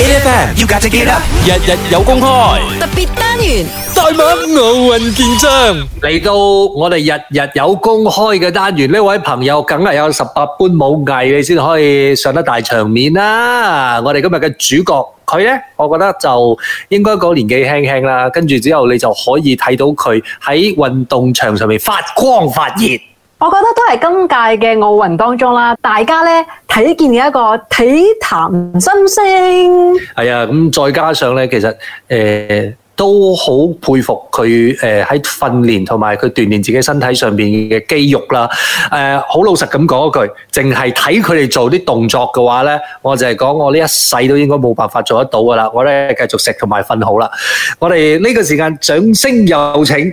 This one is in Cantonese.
You got to get up，日日有公開特別單元，大馬奧運健將嚟到我哋日日有公開嘅單元，呢位朋友，梗係有十八般武藝，你先可以上得大場面啦。我哋今日嘅主角，佢呢，我覺得就應該個年紀輕輕啦，跟住之後你就可以睇到佢喺運動場上面發光發熱。我覺得都係今屆嘅奧運當中啦，大家呢，睇見嘅一個體壇新星。係啊，咁再加上呢，其實誒、呃、都好佩服佢誒喺訓練同埋佢鍛煉自己身體上面嘅肌肉啦。誒、呃，好老實咁講一句，淨係睇佢哋做啲動作嘅話呢，我就係講我呢一世都應該冇辦法做得到㗎啦。我呢，繼續食同埋瞓好啦。我哋呢個時間，掌聲有請。